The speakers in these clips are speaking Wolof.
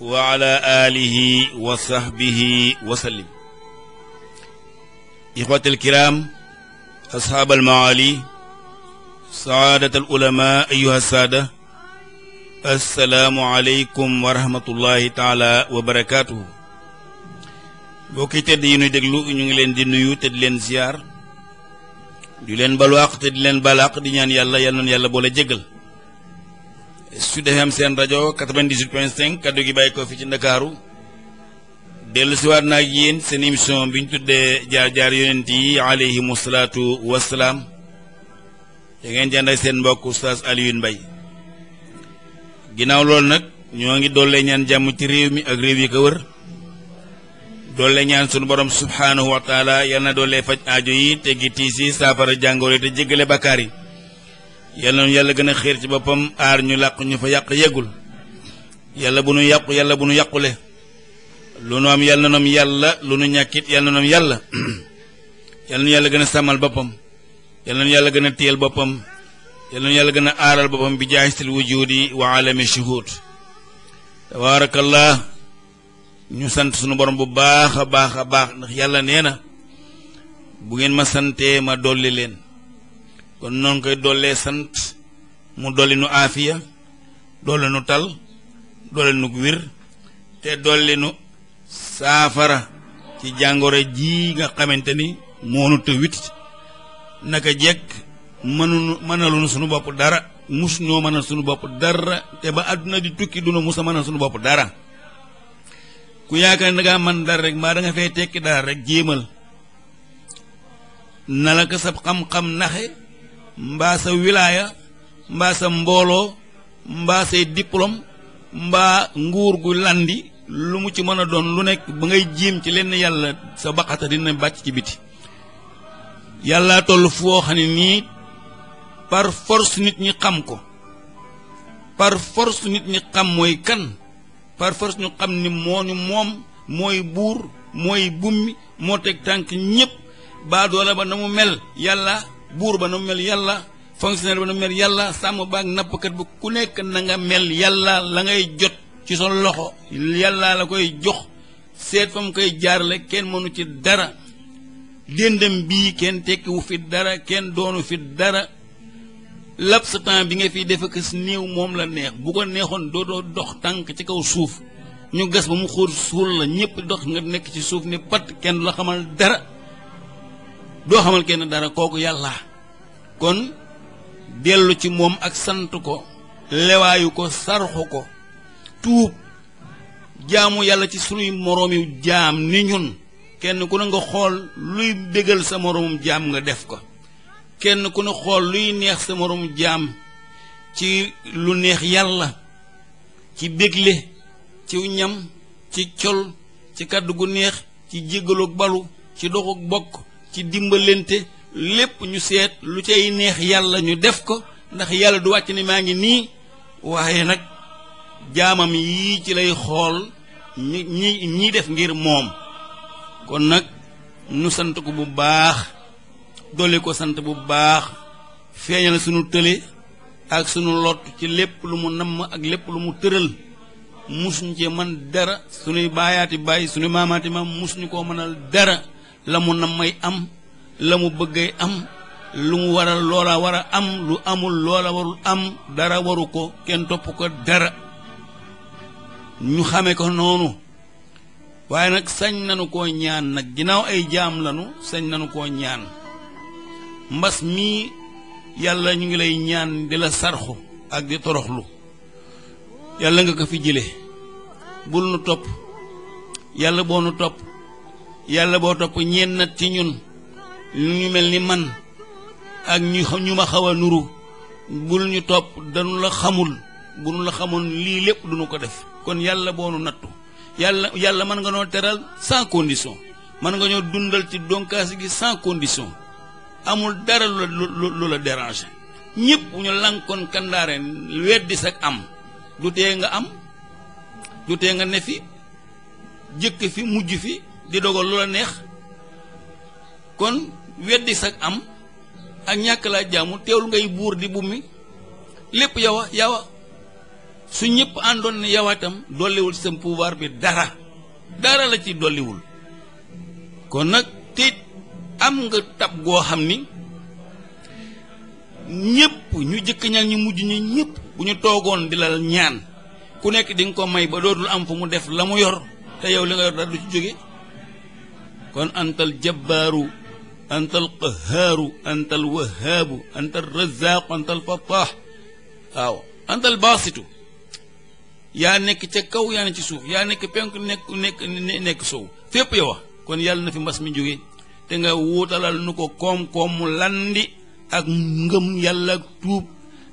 wa ala alihi wa sahbihi wa sallim ixwatal kiram asxaabal maali saadatal ulama ayyuha saada assalaamu aleykum wa rahmatullahi taala wa barakaatuhu mbokki tedd yi nuy déglu ñu ngi leen di nuyu te di leen ziyaar du leen balwaaq te leen balaaq di ñaan yàlla yal na yàlla boole jéggal Sud FM seen rajo 98.5 kaddu gi bàyyi ko fi ci ndakaaru dellu siwaat naa ak yéen seen émission bi ñu tuddee jaar-jaar yonent yi alayhimu salaatu wasalaam da ngeen jànd seen mbokk oustaz Alioune Mbaye ginnaaw loolu nag ñoo ngi doole ñaan jàmm ci réew mi ak réew yi ko wër ñaan sunu borom subhaanahu wa taala yal na doole faj aajo yi teggi tiis saafara jàngoro yi te jéggale bakkaar yi yàlla nañu yàlla gën a xiir ci boppam aar ñu làq ñu fa yàq yeggul yàlla bu nu yàqu yàlla bu nu yàqule lu nu am yàlla na nu yàlla lu nu ñàkkit yàlla yàlla yàlla yàlla gën a sàmmal boppam yàlla nañu yàlla gën a téyel boppam yàlla nañu yàlla gën a aaral boppam bi jaahistil wujudi wa alami shuhud tabaarakallah ñu sant sunu borom bu baax a baax a baax ndax yàlla nee na bu ngeen ma santee ma dolli leen kon noonu koy dollee sant mu dolli nu aafiya dolli nu tal dolli nu wir te dolli nu saafara ci jàngoro ji nga xamante ni moonu te nag a jekk mënunu mënaluñu suñu bopp dara mus ñoo mënal suñu bopp dara te ba àdduna di tukki duna musa mënal suñu bopp dara ku yaakaar ne mën dara rek mbaa danga nga fay tekki dara rek jéemal na la ko sab xam-xam naxe mbaa sa wilaaya mbaa sa mbooloo mbaa say diplôme mbaa nguur gu landi lu mu ci mën a doon lu nekk ba ngay jiim ci lenn yàlla sa baqata dina bàcc ci biti yàlla toll foo xam ne nii par nit ñi xam ko par force nit ñi mooy kan par force ñu xam ni moo ñu moom mooy buur mooy bummi moo teg tànk ñépp baa ba na mu mel yàlla buur ba na mel yàlla fonctionnaire ba na mel yàlla sàmm baag nappkat ba ku nekk na nga mel yàlla la ngay jot ci sa loxo yàlla la koy jox seet fa mu koy jaarale kenn mënu ci dara déndam bii kenn tekkiwu fi dara kenn doonu fi dara laps temps bi nga fi def ak néew moom la neex bu ko neexoon dootoo dox tànk ci kaw suuf ñu gas ba mu xóor suul la ñëpp dox nga nekk ci suuf ne pat kenn la dara doo xamal kenn dara kooku yàlla kon dellu ci moom ak sant ko lewaayu ko sarxu ko tuub jaamu yàlla ci sunuy moroomi jaam ni ñun kenn ku ne nga xool luy bégal sa moroomum jaam nga def ko kenn ku ne xool luy neex sa moroomum jaam ci lu neex yàlla ci bégle ci ñam ci col ci kàddu gu neex ci jégaloog balu ci doxuk bokk ci dimbalante lépp ñu seet lu cay neex yàlla ñu def ko ndax yàlla du wàcc ne maa ngi nii waaye nag jaamam yi ci lay xool ñi ñi def ngir moom kon nag ñu sant ko bu baax dolli ko sant bu baax feeñal sunu tële ak sunu lot ci lépp lu mu namm ak lépp lu mu tëral musuñ ci man dara sunuy baayaati bàyyi sunuy maamaati maam musuñu koo mënal dara la mu nam may am la mu bëggay am lu mu war a loola war am lu amul loola warul am dara waru ko kenn topp ko dara ñu xame ko noonu waaye nag sañ nanu koo ñaan nag ginnaaw ay jaam lañu sañ nañu koo ñaan mbas mii yàlla ñu ngi lay ñaan di la sarxu ak di toroxlu yàlla nga ko fi jële bul nu topp yàlla boo nu topp yàlla boo topp ñeennat ci ñun ñu mel ni man ak ñu ma xaw a nuru bul ñu topp dañu la xamul bu nu la xamoon lii lépp duñu ko def kon yàlla boo nu nattu yàlla yàlla mën nga noo teral sans condition mën nga ñoo dundal ci donkaas gi sans amul dara lu la lu la déranger ñëpp bu ñu lankoon kandaare weddi sak am du tee nga am du tee nga ne fi jëkk fi mujj fi di dogal lu la neex kon weddi sag am ak ñàkk laa jaamu teewul ngay buur di bummi lépp yow a yow su ñëpp àndoon ne yow itam dolliwul ci sa pouvoir bi dara dara la ci dolliwul kon nag te am nga tab goo xam ni ñëpp ñu jëkk ña ñu mujj ñi ñëpp bu ñu toogoon di la ñaan ku nekk dinga ko may ba dootul am fu mu def la mu yor te yow li nga yor dara ci jóge kon antal jabbaaru antal qahaaru antal wahaabu antal razaaqu antal fattaax waaw antal baasitu yaa nekk ca kaw yaa ne ci suuf yaa nekk penk nekk nekk nekk sow fépp yow wax kon yàlla na fi mbas mi jóge te nga wuutalal nu ko koom-koom mu landi ak ngëm yàlla ak tuub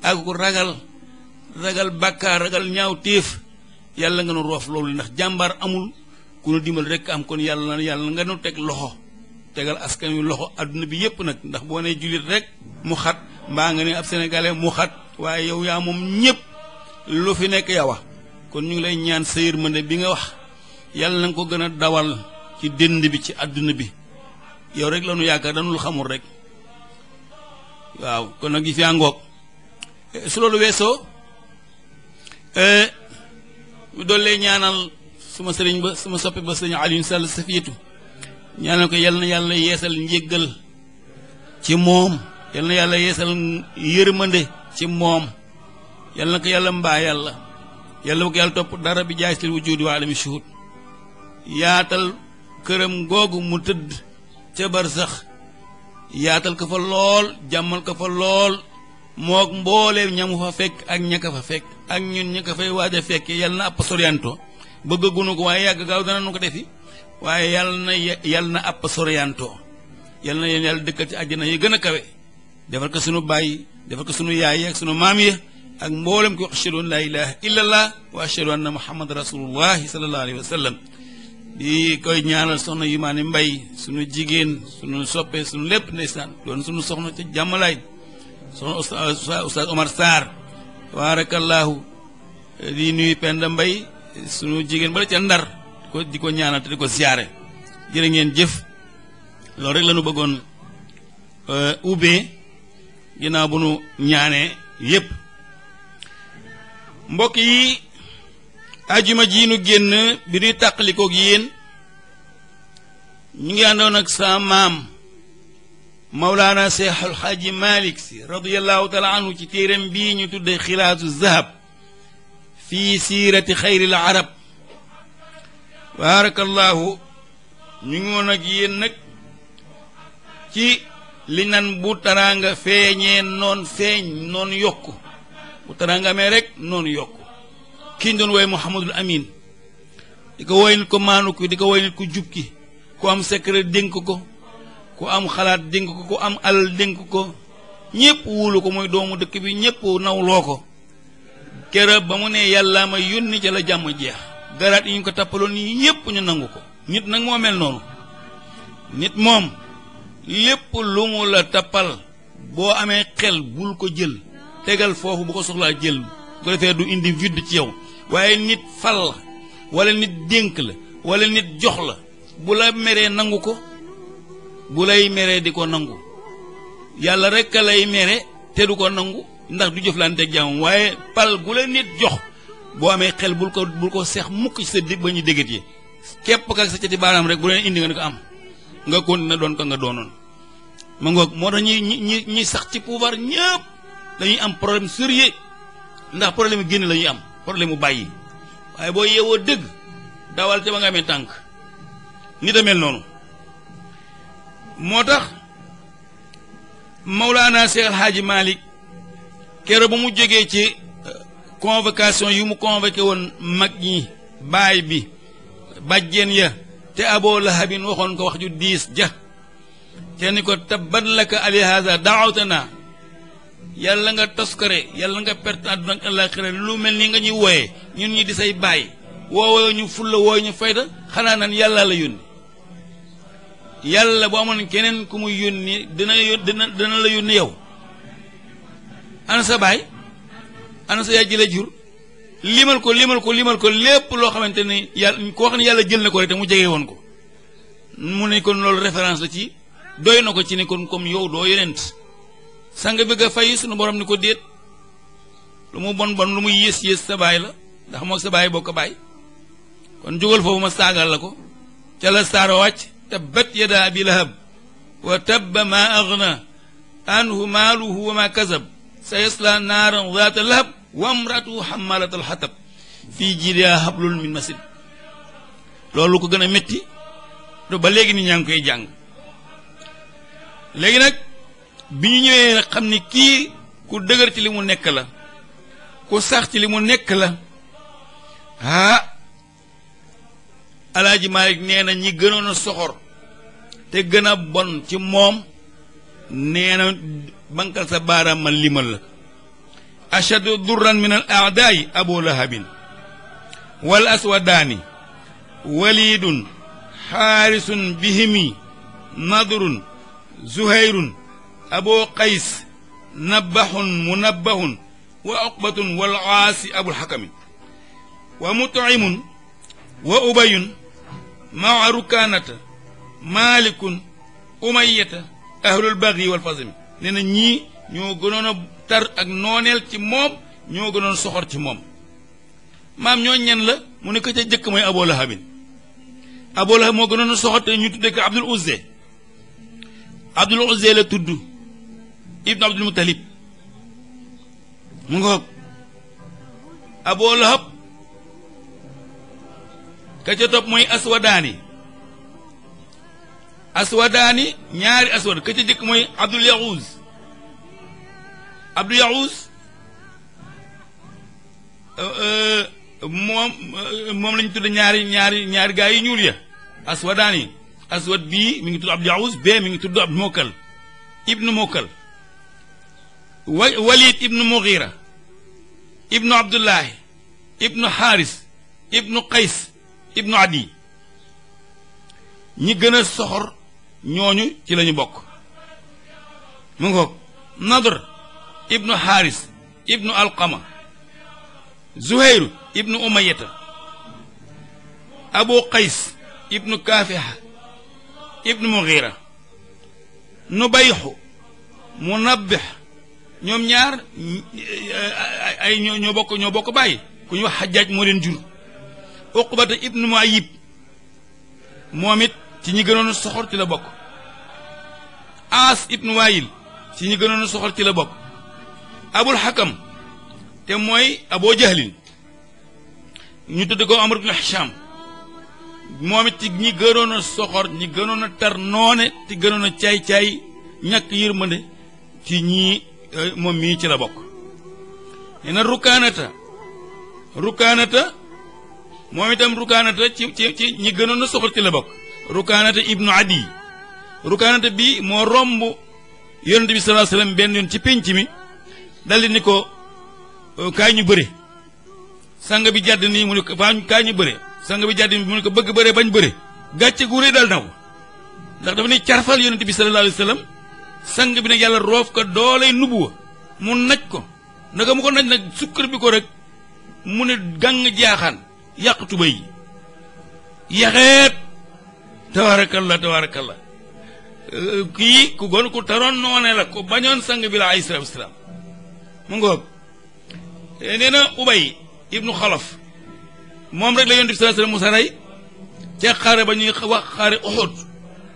ak ragal ragal bàkkaar ragal ñaaw téef yàlla nga nu roof loolu ndax jàmbaar amul ku nu dimbal rek am kon yàlla yàlla nga nu teg loxo tegal askan wi loxo àdduna bi yépp nag ndax boo nee jullit rek mu xat mbaa nga ne ab sénégalais mu xat waaye yow yaa moom ñépp lu fi nekk yawa kon ñu ngi lay ñaan sa yërmande bi nga wax yàlla na nga ko gën a dawal ci dënd bi ci àdduna bi yow rek lañu yaakaar dañu xamul rek waaw kon nag yi fi àngoog su loolu weesoo eh, doon lay ñaanal suma sëriñ ba suma soppe ba sëriñ Alioune Sall Safiyeetu ñaanal ko yal na yàlla yeesal njëggal ci moom yal na yàlla yeesal yërmande ci moom yal na ko yàlla mbaa yàlla yàlla bu ko yàlla topp dara bi jaay si wujudi wa alami shuhud yaatal këram googu mu tëdd ca bar sax yaatal ko fa lool jàmmal ko fa lool moog mbooleem ñamu fa fekk ak ña ko fa fekk ak ñun ña ka fay waaj a fekk yal na ab bëggagunu ko waaye yàgg gaaw dana nu ko defi waaye yàlla na yàlla na àpp soriantoo na yéen yàlla dëkkal ci àjjana yi gën a kawe defal ko sunu baay defal ko sunu yaay ak sunu maam yi ak mboolem ko ashhadu an laa ilaha illa allah wa ashhadu anna muhammad rasulullahi sallallahu alayhi wa sallam di koy ñaanal soxna yu maa mbay sunu jigéen sunu soppe sunu lépp ndeysaan doon sunu soxna ca jàmmalaay soxna oustaz Omar Sarr tabaarakallaahu di nuyu Penda Mbay sunu jigéen ba la ca ndar di ko ñaanal te di ko siyaare jërë ngeen jëf loolu rek la ñu bëggoon euh, ubbee ginnaaw bu nu ñaanee yépp mbokk yi ajuma ji nu génn bi nuy tàqalikoog yéen ñu ngi àndoon ak sa maam Mawlaana Seex al Malik Si radiyallahu taala anhu ci téeram bii ñu tudde Xilaasu Zahab fii siirati xayril arab baarakallahu ñu ngi woon ak yéen nag ci li nan bu taraanga feeñee noon feeñ noon yokk bu taraanga amee rek noon yokk kii doon wooye Muhammadul Amin di ko woy nit ko maanu ki di ko woy ko jub ki ku am secret dénk ko ko am xalaat dénk ko ku am alal dénk ko ñépp wulu ko mooy doomu dëkk bi ñépp nawloo ko kera ba mu ne yàllaa ma yónni ca la jàmm jeex garaat yi ñu ko tappaloon yépp ñu nangu ko nit nag moo mel noonu nit moom lépp lu mu la tappal boo amee xel bul ko jël tegal foofu bu ko soxlaa jël bu defee du indi vide ci yow waaye nit fal la wala nit dénk la walla nit jox la bu la meree nangu ko bu lay meree di ko nangu yàlla rekk lay mere te du ko nangu ndax du jëflanteeg jaamam waaye pal gu la nit jox boo amee xel bul ko bul ko seex mukk ci sa di ba ñu déggat yi képp kak sa cati baaraam rek bu leen indi nga ne ko am nga na doon ko nga doonoon ma ngoog moo tax ñi ñi ñi sax ci pouvoir ñëpp dañuy am problème sérieux ndax problème yu génn lañuy am problème mu bàyyi waaye boo yeewoo dëgg dawal te ba nga amee tànk nit a mel noonu moo tax Mawlaana Seex Alxaaji Malik kero bu mu jógee ci eh, convocation yi mu convoqué woon mag ñi baay bi bàjjeen ya te aboo lahabin waxoon ko wax ju diis ja te ni ko tabbat laka alihaza daawtana yàlla nga tos toskare yàlla nga pert àdduna ak àllaaxira lu mel ni nga ñuy wooyee ñun ñi di say baay woowoo ñu fulla wooy ñu fayda xanaa nan yàlla la yónni yàlla bu amoon keneen ku muy yónni dina dina dina la yónni yow ana sa baay ana sa yaay la jur limal ko limal ko limal ko lépp loo xamante ni yàlla koo xam ne yàlla jël na ko rek te mu jege woon ko mu ne kon loolu référence la ci doy na ko ci ne kon comme yow doo yonent sang bëgg nga fay suñu borom ni ko déet lu mu bon bon lu mu yées yées sa baay la ndax moog sa baay bokk baay kon jógal foofu ma saagal la ko ca la saara wàcc tabbat yadaa abi lahab wa tabba ma agna anhu maaluhu wa ma kasab sayasla naaran zaata lahab wa imratu hammalatal hatab fii jiidihaa hablun min masid loolu ko gën a metti do ba léegi nit ñaa ngi koy jàng léegi nag bi ñu ñëwee xam ni kii ku dëgër ci li mu nekk la ku sax ci li mu nekk la ah Alaaji Maalik nee na ñi gënoon a soxor te gën a bon ci moom nee na bankal sa baaraam man limal la ashadu durran min al aadaayi abu lahabin wal aswadaani walidun xaarisun bihimi nadrun zuhayrun abu qays nabbahun munabbahun wa oqbatun wal aasi abul xakami wa mutcimun wa ubayun maca rukaanata maalikun umayata ahlul baghi wal fasmi nee na ñii ñoo gënoon tar ak nooneel ci moom ñoo gënoon soxor ci moom maam ñoo ñen la mu ne ko a jëkk mooy Abu Lahabin Abu Lahab moo gënoon a soxor te ñu tuddee ko Abdul Uzza Abdul Uzza la tudd ibnu Abdul Muttalib mu nga Abu Lahab ka ca topp mooy Aswadaani aswadaani ñaari aswad ka ca jëkk mooy abdul yaxuus abdul yaxuus euh, euh, moom euh, moom ñaari ñaari ñaari gaa yi ñuul ya aswadaani aswad bii mi ngi tudd abdul yaxuus bee mi ngi tudd abdul mokkal ibnu mokkal wa walid ibnu mugira ibnu abdullahi ibnu xaaris ibnu qays ibnu adi ñi gën a soxor ñooñu ci lañu bokk mu ngoog nadr ibnu haris ibnu alqama zuhayru ibnu umayata abu qays ibnu kaafiha ibnu mugira nubayxu munabbix ñoom ñaar ay ñoo bokk ñoo bokk bàyyi ku ñu xajaaj moo leen jur uqbata ibnu muayib moom it ci ñi gënoon soxor ci la bokk aas ibnu waayil ci ñi gënoon soxor ci la bokk abul xakam te mooy aboo jahlin ñu tudd ko amar ibnu hisham moom it ñi gënoon a soxor ñi gënoon a tar noone te gënoon a caay-caay ñakk yërmande ci ñii euh, moom mii ci la bokk nee na rukaanata moom itam rukaanata ci ñi gënoon a soxor ci la bokk rukaanata ibnu adi rukaanata bi moo romb yonent bi sallallahu alayhi wasallam benn yoon ci pénc mi daldi ni ko euh, kaay ñu bëre sang bi jàdd nii mu ne ko kaay bëre sang bi jàdd nii mu ne ko bëgg bëre bañ bëre gàcce gu rëy dal naw ndax dafa ne carfal yonent bi sallallahu alayhi sang bi nag yàlla roof ko dooley nubuwa mu naj ko naka mu ko naj nag sukkar bi ko rek mu ne gàng jaaxaan yàq tubéy yi yaxeet tabaarakalla tabaarakalla euh, kii ku gon ku taroon noone la ku bañoon sang bi la alayhi salaatu wasalaam mu ngoog eh, nee na ubay ibnu xalaf moom rek la yonent bi sallallahu alayhi wasallam musa rey ca xare ba ñuy wax xare Uhud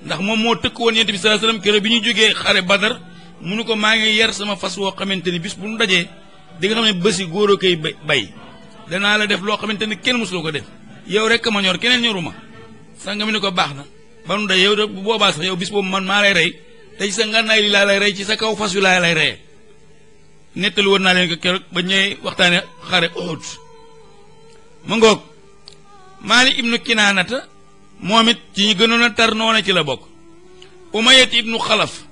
ndax moom moo tëkk woon yonent bi sallallahu alayhi wasallam bi ñu jógee xare Badar mu nu ko maa ngi yar sama fas woo xamante ni bis bu ñu dajee di nga xam ne bési góor a koy bay danaa la def loo xamante ni kenn mosuloo ko def yow rek ma ñor keneen ma sangam ni ko baax na ba nu day yow de bu boobaa sax yow bis boobu man maa rey te ci sa ngànnaay li lay rey ci sa kaw fas wi laa lay rey nettali woon naa leen ko keroog ba ñëwee waxtaane xare Uhud ma ngoog Maalik ibnu Kinaanata moom ci ñu gënoon a tar noona ci la bokk Umayyat ibnu Xalaf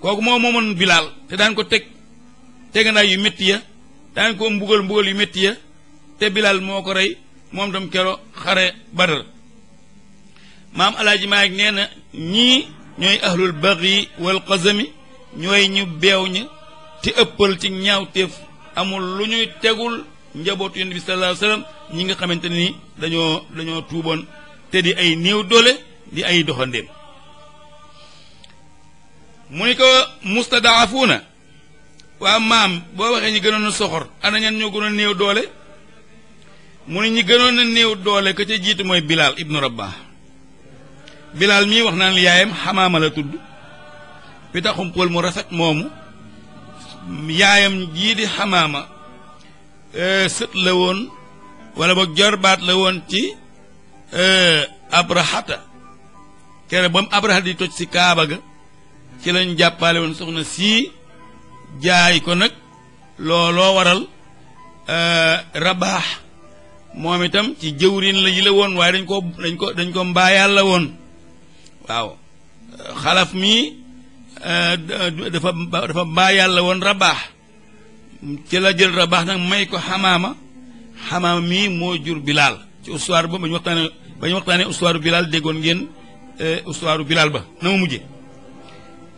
kooku moo moomoon Bilaal te daan ko teg teganaay yu métti ya daan ko mbugal mbugal yu métti ya te Bilaal moo ko rey moom tam kero xare Badar maam alaaji Maalik nee na ñii ñooy ahlul baghi wal qazami ñooy ñu beew ña ti ëppal ci ñaawteef amul lu ñuy tegul njabootu yonent bi sallallahu alayhi ñi nga xamante ni dañoo dañoo tuuboon te di ay néew doole di ay doxandéem mu ni ko na waa maam boo waxee ñi gënoon a soxor ana ñan ñoo gënoon néew doole mu ni ñi gënoon a néew doole ka ca jiitu mooy Bilaal ibnu Rabah bilaal mii wax naa naan yaayam xamaama la tudd bi pël mu rafet moomu yaayam jii di xamaama e, sët la woon walla boog jorbaat la woon ci e, abrahata kere ba mu abrahat di toj si kaaba ga ci lañ jàppale woon na sii jaay ko nag looloo waral e, rabaax moom itam ci jëwrin la yi la woon waaye dañ ko dañ ko dañ ko mbaayal la woon waaw xalaf mii eh, dafa dafa baa yàlla woon rabaax ci la jël rabaax nag may ko xamaama xamaama mii moo jur bilaal ci histoire ba ba ñu waxtaanee ba ñu waxtaanee histoire bilaal déggoon ngeen eh, histoire bilaal ba na ma mujje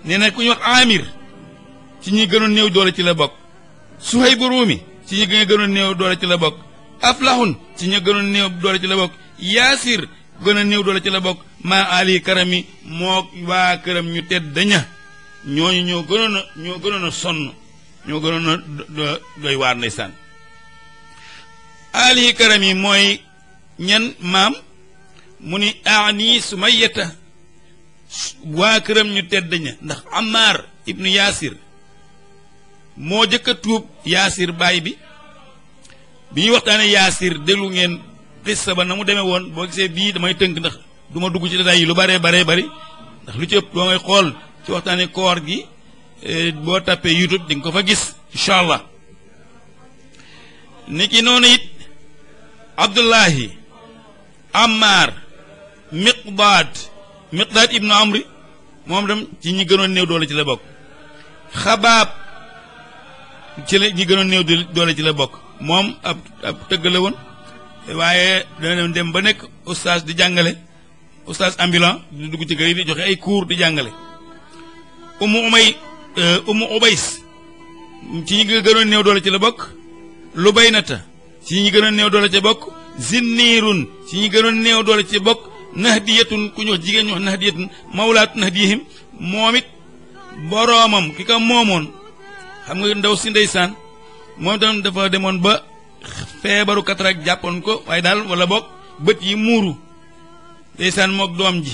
nee ku ñu wax amir ci ñi gënoon néew doole ci la bokk suhaybu ruumi ci ñi gënoon néew doole ci la bokk aflahun ci ñi gënoon néew doole ci la bokk yaasir gën a néew doole ci la bokk maa ali karami moo waa këram ñu tedd daña ñoo gënoon ñoo gënoon sonn ñoo gënoon a doy waar ndeysaan ali yi mooy ñan maam mu ni aani sumayata waa këram ñu tedd ña ndax amaar ibnu yaasir moo jëkk a tuub yasir baay bi bi ñu waxtaane yaasir déglu ngeen xissa ba na mu demee woon boo gisee bii damay tënk ndax du ma dugg ci détails yi lu baree baree bari ndax lu ci ëpp boo may xool ci waxtaani koor gi eh, boo tappee YouTube di ko fa gis incha allah ni ki noonu it Abdullahi Ammar Miqdaad Miqdaad ibnu Amri moom dem ci ñi gënoon néew doole ci la bokk xabaab ci la ñi gënoon néew doole ci la bokk moom ab ab tëgg la woon waaye dana dem ba nekk ustaas di jàngale oustaz ambulant di dugg ci kër yi joxe ay cours di jàngale umu umay eh, umu ubays ci ñi gënoon néew doole ci la bokk lu bay nata ci ñi gënoon new doole ci bokk zinniirun ci ñi gënoon néew doole ci bokk nahdiyatun ku ñu wax jigéen ñu wax nahdiyatun mawlaat nahdiyihim moom it boroomam ki ka moomoon xam nga ndaw si ndeysaan moom tam dafa demoon ba feebaru katarak jàppoon ko waaye daal wala bokk bët yi muuru ndeysaan moog doom ji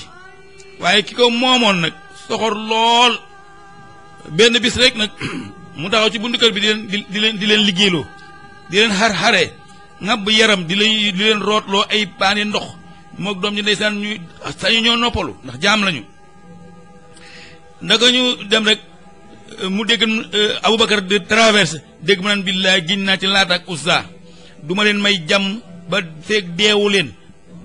waaye ki ko moomoon nag soxor lool benn bis rek nag mu taxaw ci buntu kër bi di leen di leen liggéeyloo di leen xarxare xare ŋàbb yaram di lay di leen rootloo ay paane ndox moog doom ji ndeysaan ñu sañu ñoo noppalu ndax jaam lañu ndaka ñu dem rek euh, mu dégg euh, Aboubacar de traverse dégg mu naan billaay giñ naa ci laata ak Uzza du ma leen may jàmm ba feeg deewu leen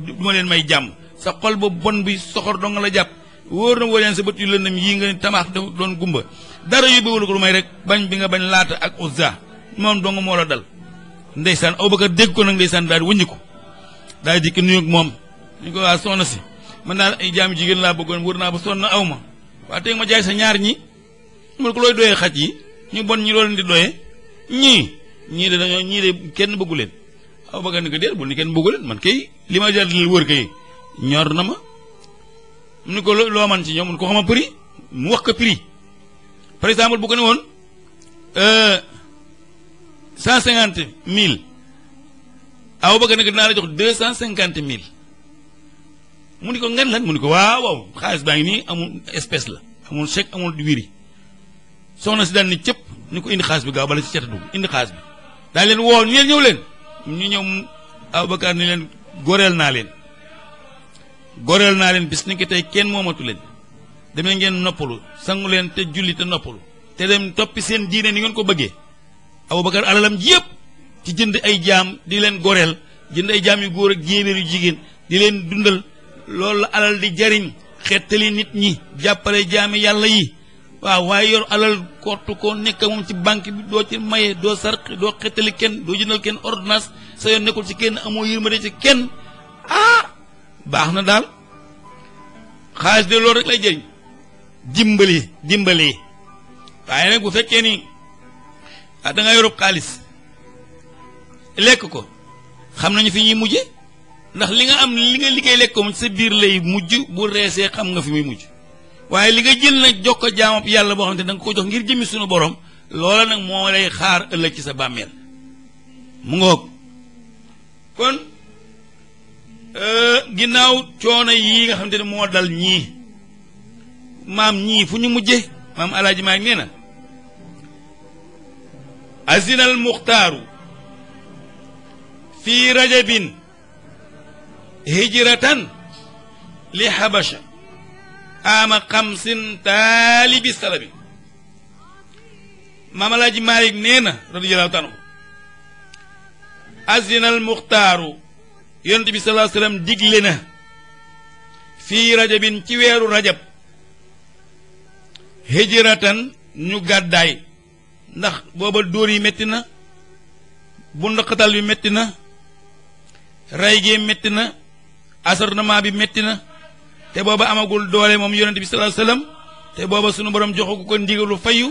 du leen may jàmm sa xol ba bon bi soxor dong la jàpp wóor na wóor leen sa bët yu yii nga ni tamaax dafa doon gumba dara yu bëwul ko lu may rek bañ bi nga bañ laata ak uzza moom dong moo la dal ndeysaan Abubakar dégg ko nag ndeysaan daal wëññi ko daal di ko nuyu ak moom ñu ko waa soxna si man daal ay jaam jigéen laa bëggoon wër naa ba sonn aw ma waa tey ma jaay sa ñaar ñi mu ko looy doyee xaj yi ñu bon ñi loolu di doyee ñii ñii de dañoo ñii de kenn bëggu leen Abubakar ni ko déet bu ni man kay li ma jàll wër kay ñor na ma mu ni ko loo man ci ñoom mun ko xama prix mu wax ko prix par exemple bu ko ne woon euh, cent cinquante mille aw bëgg nag dinaa la jox deux cent cinquante mille mu ni ko ngan lan mu ni ko waaw waaw xaalis baa ngi nii amul espèce la amul chèque amul wiri soxna si daan ni cëpp ni ko indi xaalis bi gaaw bala ci cat dugg indi xaalis bi daal leen woo ñu leen ñëw leen ñu ñëw Aboubacar ni leen goreel naa leen goreel naa leen bis ni tey kenn moomatu leen demee ngeen noppalu sangu leen te julli te noppalu te dem toppi seen diine ni ngeen ko bëggee Abubakar alalam ji yëpp ci jënd ay jaam di leen goreel jënd ay jaam yu góor ak jéebéer jigéen di leen dundal lool la alal di jariñ xettali nit ñi jàppale jaami yàlla yi waa waaye yor alal kortu koo nekk moom ci banque bi doo ci maye doo sarq doo xettali kenn doo jëndal kenn ordonnance sa yoon nekkul ci kenn amoo yërmande ci kenn ah baax na daal xaalis de loolu rek lay jëriñ dimbali dimbali waaye nag bu fekkee ni ah da nga xaalis lekk ko xam nañu fi ñuy mujje ndax li nga am li nga liggéey lekk ko sa biir lay mujj bu reesee xam nga fi muy mujj waaye li nga jël na jox ko jaamab yàlla boo xam ne danga nga ko jox ngir jëmmi suñu borom loola nag moo lay xaar ëllëg ci sa bàmmeel mu ngoog kon Euh, ginnaaw coono yii nga xam te ne moo dal ñii maam ñii fu ñu mujje maam alaaji maa ngi nee na azina al muxtaaru fi rajabin hijratan li habasha ama xamsin taalibi salabi maam alaaji maalik nee na azina al muxtaaru yonent bi sallallahu alayhi wa sallam digle na fii rajabin ci weeru rajab hijratan ñu gàddaay ndax booba dóor yi metti na bunduxatal bi metti na rey gi métti na assornement bi metti na te booba amagul doole moom yonent bi sallallahu alayhi wa sallam te booba sunu borom joxu ko ndigalu fayu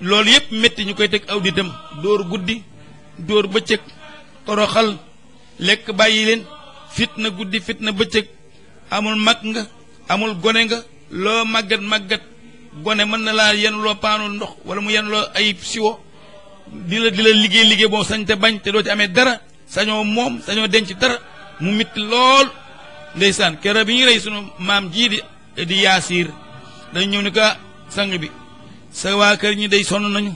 loolu yépp metti ñu koy teg aw ditam dóor guddi dóor bëccëg toroxal lekk bàyyi leen fitna guddi fitna bëccëg amul mag nga amul gone nga loo màggat màggat gone mën na laa yenn loo paanul ndox wala mu yenn loo ay siwo di la di la liggéey liggéey boo sañ te bañ te doo ci amee dara sañoo moom sañoo denc dara mu mitti lool ndeysaan kera bi ñu rey sunu maam jii di di yaasiir dañ ñëw ni ko sang bi sa waa kër ñi day sonn nañu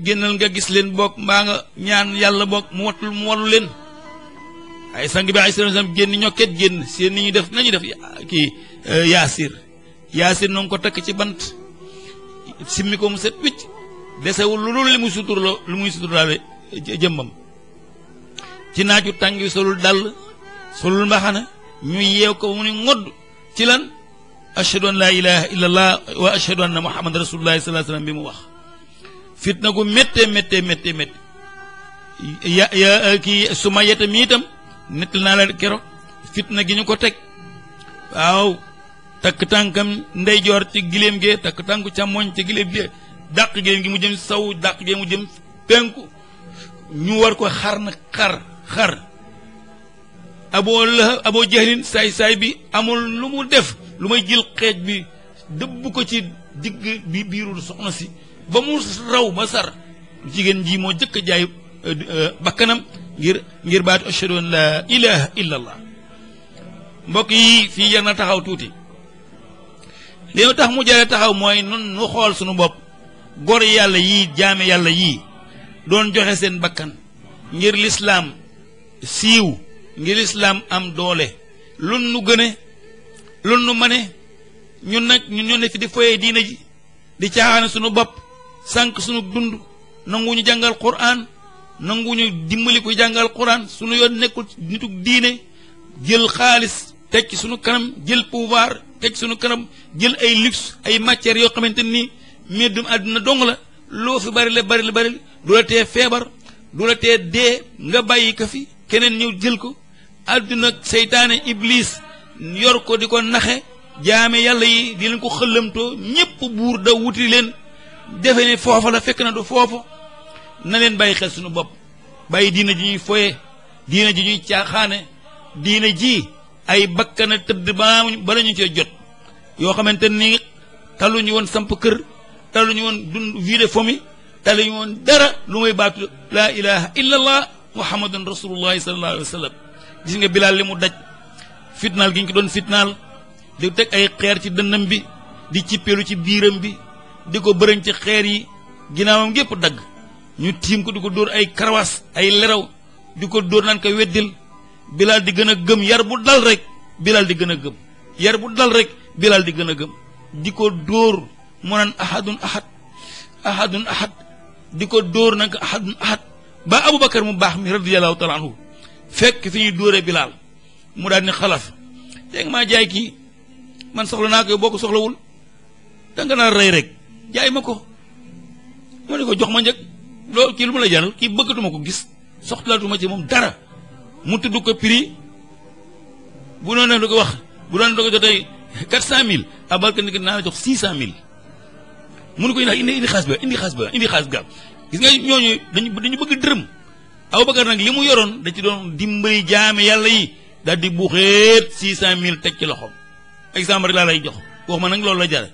génnal nga gis leen boog mbaa nga ñaan yàlla boog mu wattul mu wallu leen ay sang bi ay salaam génn ñokket génn seen ni ñu def nañu def kii euh, yaasir yaasir noo ngi ko takk ci bant simmi ko mu set wicc desewul lu dul li muy suturloo lu muy suturlaale jëmbam ci naaju tàng wi solul dàll solul mbaxana ñu yeew ko mu ni ngodd ci lan ashhadu an laa ilaha illa allah wa ashhadu anna muhammad rasulullah sallallahu alayhi wasallam bi mu wax fitna gu métte métte métte métte ya ya kii suma yeta mi itam nett naa la keroog fitna gi ñu ko teg waaw takk tànkam ndeyjoor ci giléem gee takk tànku càmmoñ ci giléem gee dàq giléem gi mu jëm saw dàq gi mu jëm penku ñu war ko xar na xar xar aboo la aboo jahlin saay saay bi amul lu mu def lu may jël xeej bi dëbb ko ci digg bi biiru soxna si ba mu raw ba sar jigéen jii moo jëkk jaay bakkanam ngir ngir baatu ashhadu an laa ilaha illa mbokk yi fii jar na taxaw tuuti li tax mu jare taxaw mooy nun nu xool suñu bopp gor yàlla yii jaame yàlla yii doon joxe seen bakkan ngir lislaam siiw ngir lislaam am doole lun nu gëne lun nu mëne ñun nag ñu ñoo ne fi di foyee diina ji di caaxaane suñu bopp sànq suñu dund nanguñu jàngal quraan ñu dimbali kuy jàngal quran suñu yoon nekkul nituk diine jël xaalis teg ci suñu kanam jël pouvoir teg suñu kanam jël ay luxe ay matières yoo xamante nii meddum àdduna dong la loo fi bari la bari la bari du la tee feebar du la tee dee nga bàyyi ko fi keneen ñëw jël ko àdduna seytaane iblis yor ko di ko naxe jaame yàlla yi di leen ko xëllamtoo ñépp buur da wuti leen defe ne foofa la fekk na du foofa na leen bàyyi xel suñu bopp bàyyi diina ji ñuy foye diina ji ñuy caaxaane diina ji ay bakkana tëdd ba bala ñu cee jot yoo xamante ni taluñu woon samp kër taluñu woon dund vie de famille taluñu woon dara lu may baatu laa ilaha illa allah muhammadun rasulullahi sallallahu alayhi bilaal li mu daj fitnaal gi ñu ko doon fitnaal di teg ay xeer ci dënnam bi di cippeelu ci biiram bi di ko bërëñ ci xeer yi ginnaawam gépp dagg ñu tiim ko di ko dóor ay karawaas ay leraw di ko dóor naan ko weddil bilaal di gën a gëm yar bu dal rek bilaal di gën a gëm yar bu dal rek bilaal di gën a gëm di ko dóor mu naan ahadun ahad ahadun ahad di ko dóor naan ko ahadun ahad ba abubakar mu baax mi radiyallahu taala fekk fi ñuy dóore bilaal mu daal ni xalaas yaa ngi maa jaay kii man soxla naa ko boo ko soxlawul danga naa rey rek jaay ma ko ma ne ko jox ma njëg loolu kii lu mu la jaral kii bëggatuma ko gis soxlaatuma ci moom dara mu tudd ko prix bu noonu da ko wax bu doon da ko jotee quatre cent mille abal que ni naa la jox six cent mille mënu ko indi indi xaas ba indi xaas ba indi xaas ga gis nga ñooñu dañu dañu bëgg dërëm Aboubacar nag li mu yoroon da ci doon dimbali jaame yàlla yi daal di buuxeet six cent mille teg ci loxoom exemple laa lay jox wax ma nag loolu la jare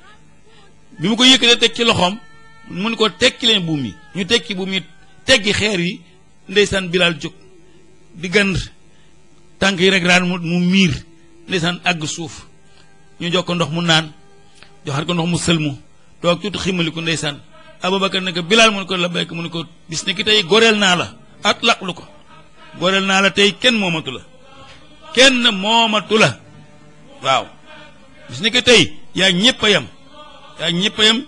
bi mu ko yëkkatee teg ci loxoom mu ni ko tekki leen buum yi ñu tekki buum yi teggi xeer yi ndeysaan bilaal jóg diggant gand tànk yi rek raan mu miir ndeysaan àgg suuf ñu jox ko ndox mu naan joxaat ko ndox mu sëlmu toog tuuti ximaliku ndeysaan Abubakar ne ko bilaal mu ne ko la béyk mu ne ko bis ni ki tey goreel naa la at laqlu ko goreel naa la tey kenn moomatu la kenn moomatu la waaw bis ni ki tey yaa ñëpp yaa ñëpp yem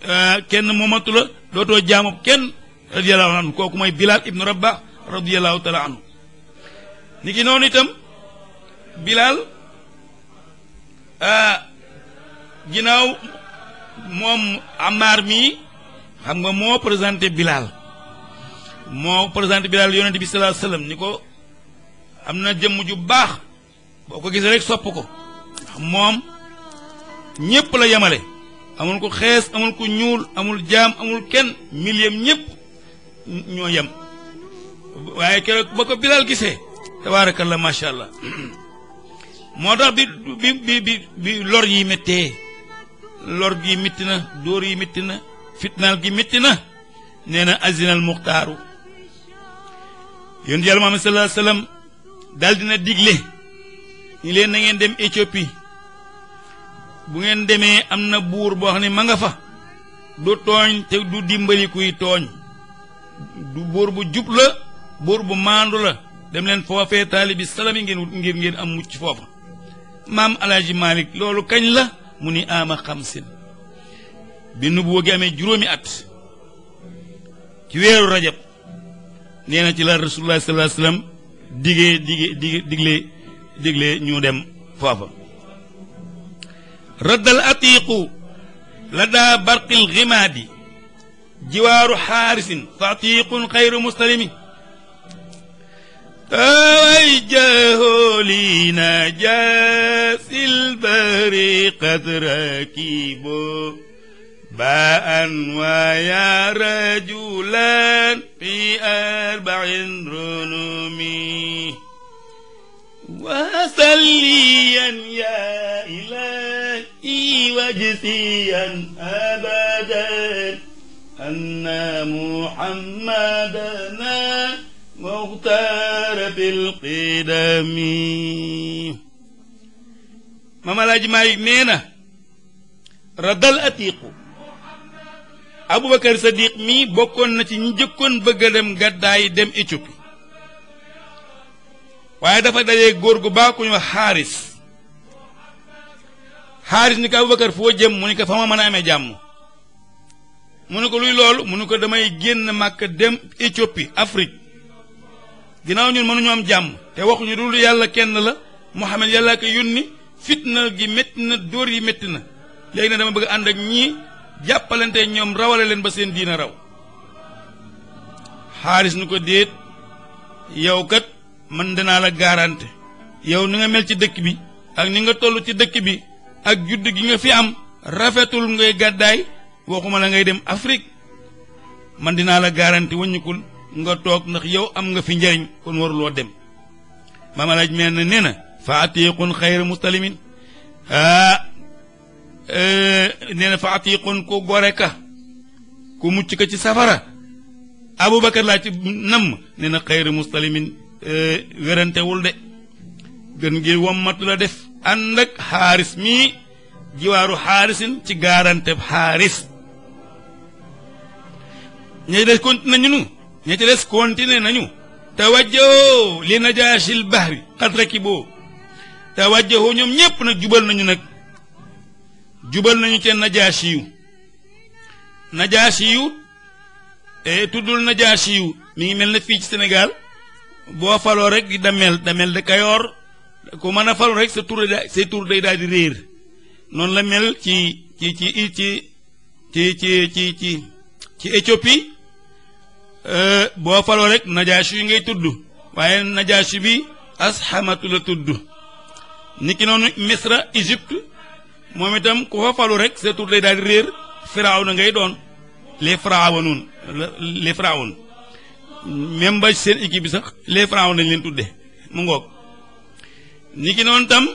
Eh, kenn moomatula dootoo jaamu kenn radiyallahu kooku mooy Bilal ibnu Rabah radiyallahu taala anhu ni ki noonu itam Bilal eh, ginnaaw moom Ammaar mi xam nga moo présenté Bilal moo présenté Bilal yonent bi sallallahu alayhi ni ko am na jëmm ju baax boo ko gisee rek sopp ko moom ñépp la yemale amul ku xees amul ku ñuul amul jaam amul kenn milliam ñëpp ñoo yem waaye keroog ba ko Bilaal gisee tabaarakalla macha allah moo tax bi bi bi bi lor yi mettee lor gi métti dóor yi métti na fitnaal gi métti na nee na azinal muxtaaru yonent yàlla Muhammad sallallahu alayhi digle ñu leen na ngeen dem Éthiopie bu ngeen demee am na buur boo xam ne ma nga fa du tooñ te du dimbali kuy tooñ du buur bu jub la buur bu maandu la dem leen foofee taalibi salami ngeen wut ngir ngeen am mucc foofa maam alaaji Malick loolu kañ la mu ni ama xamsin bi nu boo gi amee juróomi at ci weeru rajab nee na ci la rasulullah sallallahu alayhi wasallam digee digee diglee diglee ñu dem foofa raddal atiiqu la daa barqil gimaadi jiwaaru xaarisin fa atiiqun xayru muslimi taway jaholiina jasil bari qad rakibo baan waya rajulan fi arbacin runumi وسليا يا إلهي وجزيا أبدا أن محمدنا مختار بالقدم Maam Alaaji Maalik nee na radal atiiqu Abubakar Sadiq mi bokkoon na ci ñi jëkkoon bëgg a dem gàddaay dem Éthiopie waaye dafa dajee góor gu baax ku ñu wax xaaris xaaris ni ko Abubakar foo jëm mu ni ko fa ma mën a amee jàmm mu ne ko luy loolu mu ne ko damay génn màkk dem Éthiopie Afrique ginnaaw ñun mënuñu am jàmm te waxuñu lu yàlla kenn la Muhammad yàlla ko yónni fitna gi métti na dóor yi metti na léegi nag dama bëgg ànd ak ñii jàppalante ñoom rawale leen ba seen diina raw xaaris ni ko déet yow kat man danaa la garante yow ni nga mel ci dëkk bi ak ni nga toll ci dëkk bi ak judd gi nga fi am rafetul ngay gàddaay waxuma la ngay dem Afrique man dinaa la garanti wàññikul nga toog ndax yow am nga fi njariñ kon waruloo dem maam alaaj mel na nee na fa atiqun xayra mustalimin aa ah, eh, nee fa atiqun ku gore ka ku mucc ka ci safara abubakar laa ci namm nee na xayra mustalimin E, werantewul de gën gi wommat la def ànd ak xaaris mii jiwaaru xaarisin ci gaarante xaaris ña des continué nañu ña ca des continué nañu tawajjahoo li najaashil bahri qad rakiboo tawajjahoo ñoom ñépp nag jubal nañu nag jubal nañu ca najaashi yu najaashi yu e, tuddul najaashi yu mi ngi mel na fii ci senegal boo faloo rek di damel damel de kayoor ku mën a falu rek sa tur say tur day daal di réer noonu la mel ci ci ci ci ci ci ci ci ci Éthiopie euh, boo faloo rek najaashi yi ngay tuddu waaye najaashi bi asxamatu la tudd ni ki noonu misra égypte moom itam ku fa falu rek sa tur day daal di réer firaaw ngay doon les firaawunuun les firaawun même ba seen équipe bi sax les francs nañ leen tudde mu ngoog ni ki noonu tam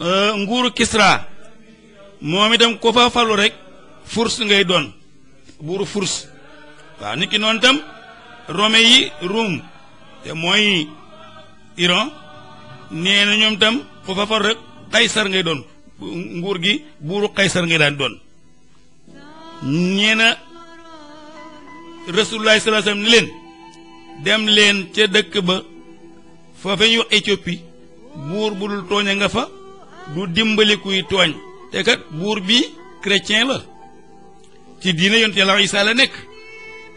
euh, nguuru Kisra moom itam ko fa falu rek furs ngay doon buuru furs waaw ni ki noonu tam rome yi ruum te mooy Iran nee na ñoom tam ko fa falu rek kaysar ngay doon nguur gi buuru kaysar ngay daan doon nee rasulullah sallallahu alayhi wasallam ni leen dem ca dëkk ba fa fa ñuy wax buur bu dul tooñ nga fa du dimbali kuy tooñ te kat buur bi chrétien la ci diine yonent Yàlla Isaa la nekk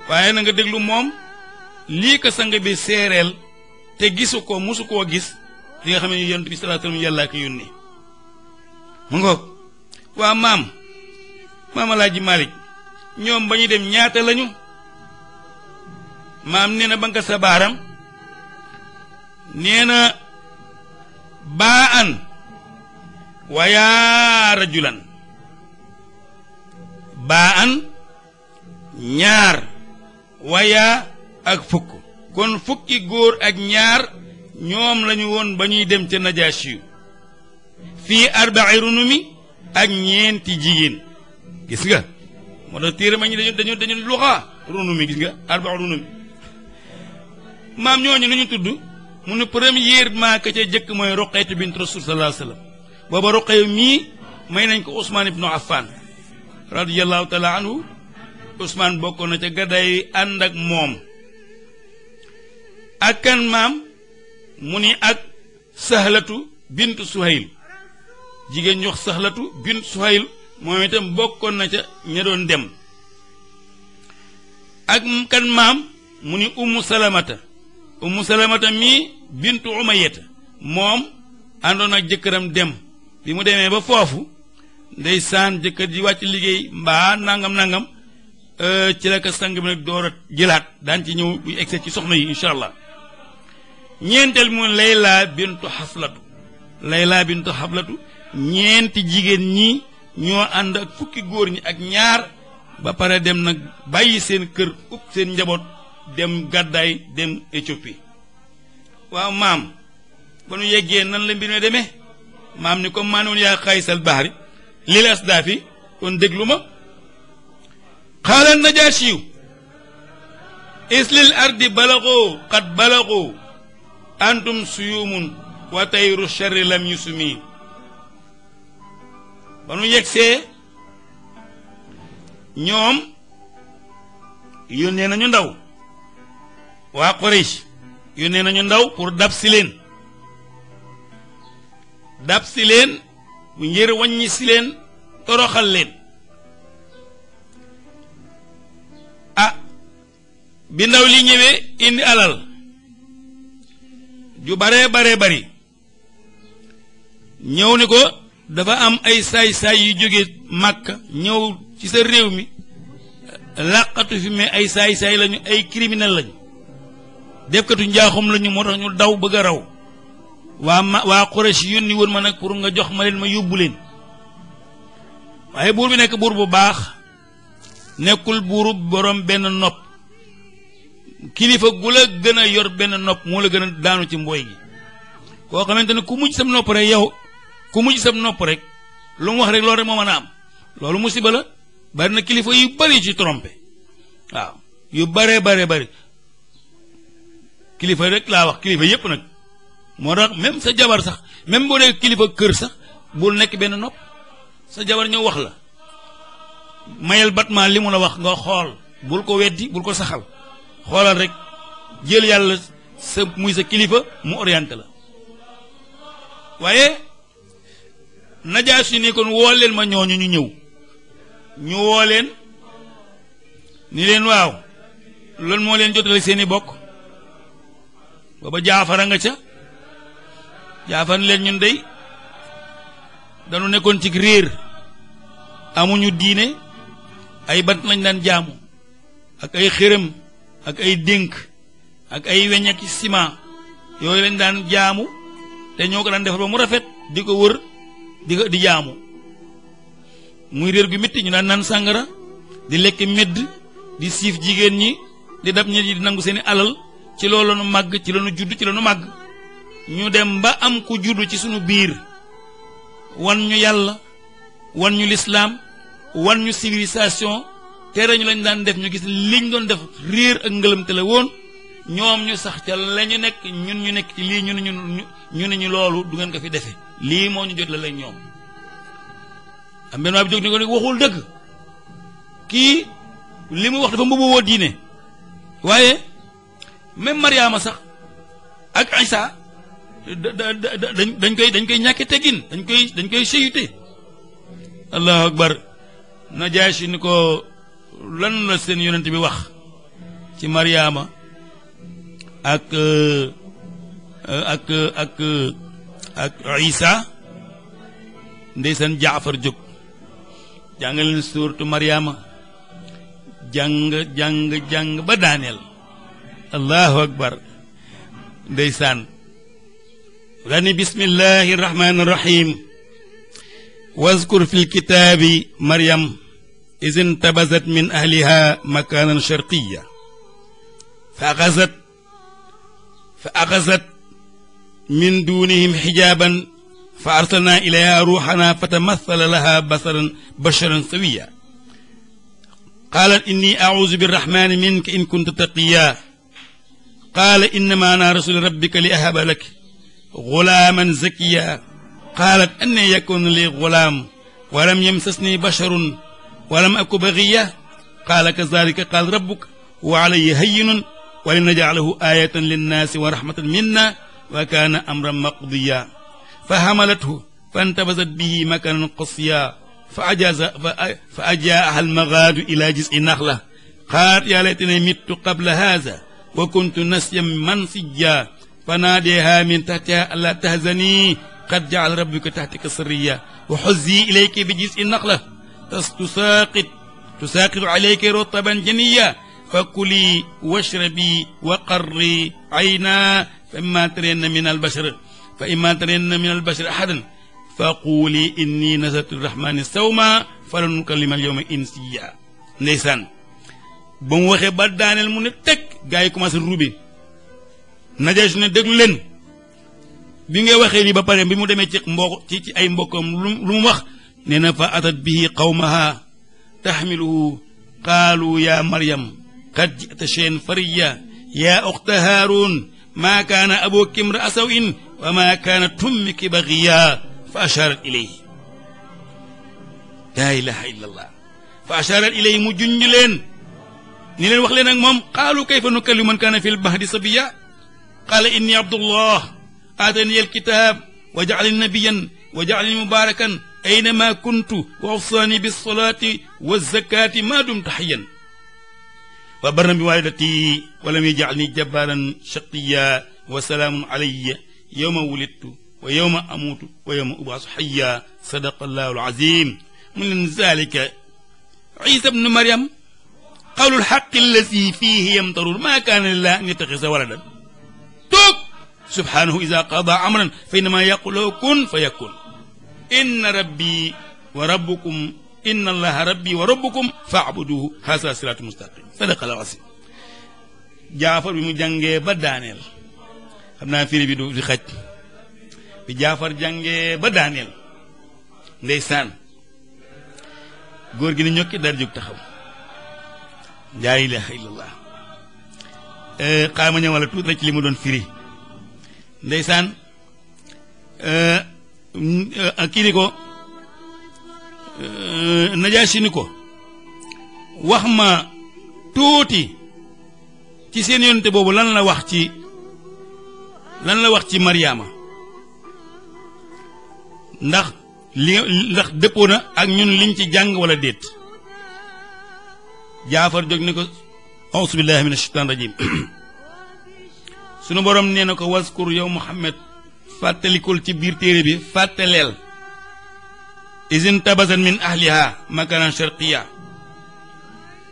waaye na nga déglu moom lii ko sang bi seereel te gisu ko mosu koo gis li nga xam ne yonent bi sallallahu alayhi wasallam yàllaa ko yónni mu ngoog waa maam maam Alaaji ñoom ba ñu dem ñaata lañu maam nee na banqat sa baaram nee na baa an wayaa rajulan baa an ñaar wayaa ak fukk kon fukki góor ak ñaar ñoom lañu woon ba ñuy dem ca najaas yu fii arba'i runumi ak ñeenti jigéen gis nga moo tax téere ma ñi dañu dañu dañu luxa runumi gis nga arba'i runumi maam ñooñu nu ñu tudd mu ne premièrement ka ca jëkk mooy Ruqaytu bint Rasul sallallahu alayhi wa mii may nañ ko Ousmane ibnu Affan radiyallahu taala anhu Ousmane bokkoon na ca gaddaay ànd ak moom ak kan maam mu ni ak sahlatu bint Suhayl jigéen ñuy wax bint Suhayl moom itam bokkoon na ca ña doon dem ak kan maam mu ni ummu salamata umu salamata mi bintu umayata moom àndoon ak jëkkëram dem bi mu demee ba foofu saan jëkkër ji wàcc liggéey mbaa nangam nangam euh, ci la ko sang bi nag door jëlaat daan ci ñëw bu egse ci soxna yi incha allah ñeenteel mu layla bintu xaflatu layla bintu xaflatu ñeenti jigéen ñi ñoo ànd ak fukki góor ñi ak ñaar ba pare dem nag bàyyi seen kër ub seen njaboot dem gàddaay dem waaw maam ba nu yeggee nan la mbir mi demee maam ni ko maa ne woon yaa xaysal bahri lil asdaafi kon déglu ma xaala najaasiyu islil ardi balaxoo xat balaxoo antum suyumun wa tayru charri lam yusumi ba nu yegsee ñoom yónnee nañu ndaw waa Quraysh yónnee nañu ndaw pour dab si leen dab leen bu ngir wàññi si leen toroxal leen a ah, bi ndaw li ñëwee indi alal ju baree baree bari ñëw ni ko dafa am ay saay-saay yu jóge màkk ñëw ci sa réew mi làqatu fi mais ay saay-saay lañu ay criminel lañu defkatu njaaxum lañu moo tax ñu daw bëgg a raw waa ma waa Quraysh yónni woon ma nag pour nga jox ma leen ma yóbbu leen waaye buur bi nekk buur bu baax nekkul buuru borom benn nopp kilifa gu la gën a yor benn nopp moo la gën a daanu ci mbooy gi koo xamante ne ku mujj sam nopp rek yow ku mujj sam nopp rek lu mu wax rek loolu rek moo mën a am loolu musiba la bari na kilifa yu bari ci trompé waaw yu baree baree bari kilifa rek laa wax kilifa yëpp nag moo tax même sa jabar sax même boo dee kilifa kër sax bul nekk benn nopp sa jabar ñëw wax la mayel batma li mun a wax nga xool bul ko weddi bul ko saxal xoolal rek jël yàlla sa muy sa kilifa mu orienté la waaye najaas yu ni kon woo leen ma ñooñu ñu ñëw ñu woo leen ni leen waaw loolu moo leen jotale seeni bokk booba jaafara nga ca jaafar leen ñun dey dañu nekkoon ci réer amuñu diine ay bant lañ daan jaamu ak ay xërëm ak ay dénk ak ay weñ ak ciment yooyu lañ daan jaamu te ñoo ko daan defar ba mu rafet di ko wër di ko di jaamu muy réer gu métti ñu daan naan sàngara di lekk medd di siif jigéen ñi di dab ñi di nangu seeni alal ci loolu la nu màgg ci la nu judd ci la màgg ñu dem ba am ku judd ci sunu biir wan ñu yàlla wan ñu lislaam wan ñu civilisation tere ñu lañ daan def ñu gis liñ doon def réer ak ngëlëmte la woon ñoom ñu sax ca la ñu nekk ñun ñu nekk ci lii ñu ne ñu ñu ne ñu loolu du ngeen ko fi defe lii moo ñu jot la lañ ñoom am benn waa bi jóg ni ko ni waxul dëgg kii li mu wax dafa mbubboo diine waaye même Mariama sax ak Aïssa dañ dañ koy dañ koy ñàkke teggin dañ koy dañ koy séyute allahu akbar Najaashi ni ko lan la seen yonent bi wax ci Mariama ak euh, ak ak ak Isa seen Jaafar jóg jàngaleen suuratu Mariama jàng jàng jàng ba daaneel allahu akbar ndeysaan dani bismillahi rahmaani rahim wazkur fi lkitaabi maryam iz intabazat min ahliha makaanan sharqiya fa axazat fa axazat min duunihim xijaaban fa arsalnaa ilayha ruuxana fa tamathala laha basaran basharan sawiya qaalat inni auzu birrahmani minka in kunta taqiya qaala innama ana rasulu rabbika li ahaba lak gulaaman zakiya qaalat anna yakunu li gulaam walam yamsasni basharun walam aku bagiya qaala kazalika qaal rabbuk wa alayhi hayyinun wa linajcalahu aayatan linnaasi wa rahmatan minna wa kaana amran maqdiya fa hamalathu fantabasat bihi makanan qasiya fa ajaaza fa ajaaha almagaadu ila jisi naxla qaalat yaa laytani mittu qabla haada wa kuntu nasyan mansijja fa naadeeha min tahtiha alla tahzani qad jaal rabbuka tahtika sariya wa xuzzi ilayki bi jis i naxla tas tusaaqit tusaaqitu alayki rutaban janiya fa kuli washrabi wa qarri ayna fa imma tarenna min albashar fa imma tarenna min albashar ahadan fa quuli inni nasartu rahmani sawma falan ukallima alyawma insiya ndeysaan ba mu waxee ba daaneel mu ne teg gars yi commencé ruube Najaasi ne déglu leen bi nga waxee lii ba pare bi mu demee ci mbokk ci ci ay mbokkam lu mu na fa atat bihi qawmaha taxmiluhu qaalu ya maryam qad jita sheen fariya ya oxta haaron maa kaana abooki imra asaw in wa maa kaanat ummiki bagiya fa ashaarat ilayhi laa ilaha illa allah fa ashaarat ilayhi mu junj ni leen wax leen ak moom qaalu kayfa nukallimu man kaana fil mahdi sabiyya qaala inni abdullah aatani alkitaab wa jacalani nabiyan wa jacalani mubaarakan aynama kuntu wa awsaani bilsalaati walzakaati maa dumtu hayyan wa barran biwaalidati wa lam yajcalni jabbaaran shaqiyya wa salaamun alayya yowma wulidtu wa yowma amuutu wa yowma ubaasu hayya sadaqa allahu alazim mu leen zaalika Iisa bnu Maryam qawlul xaqi allazi fiihi yamtarun maa kaana lillahi an yattaxisa waladan toog subhaanahu ida qada amran fa innama yaqulu kun fa yakun inna rabbi wa rabbukum inna allaha rabbi wa rabbukum faabuduhu haasa siraatu mustaqim sadaqa al asim jaafar bi mu jàngee ba daaneel xam naa firi bi du di xaj bi jaafar jàngee ba daaneel ndeysaan góor gi ni ñokki dar jóg taxaw laa ilaha illallah eh, xaa ma ñëwala tuuti rek ci li ma doon firi ndeysaan eh, mm, eh, kii ni ko najaasi ko wax ma tuuti ci seen yonente boobu lan la wax ci lan la wax ci Mariama ndax li ndax dëppoo na ak ñun liñ ci jàng walla déet jaafar jóg ni ko auzu sunu borom nee na ko waskur yow Muhammad fàttalikul ci biir téere bi fàttaleel isin tabasan min ahliha makanan sharqiya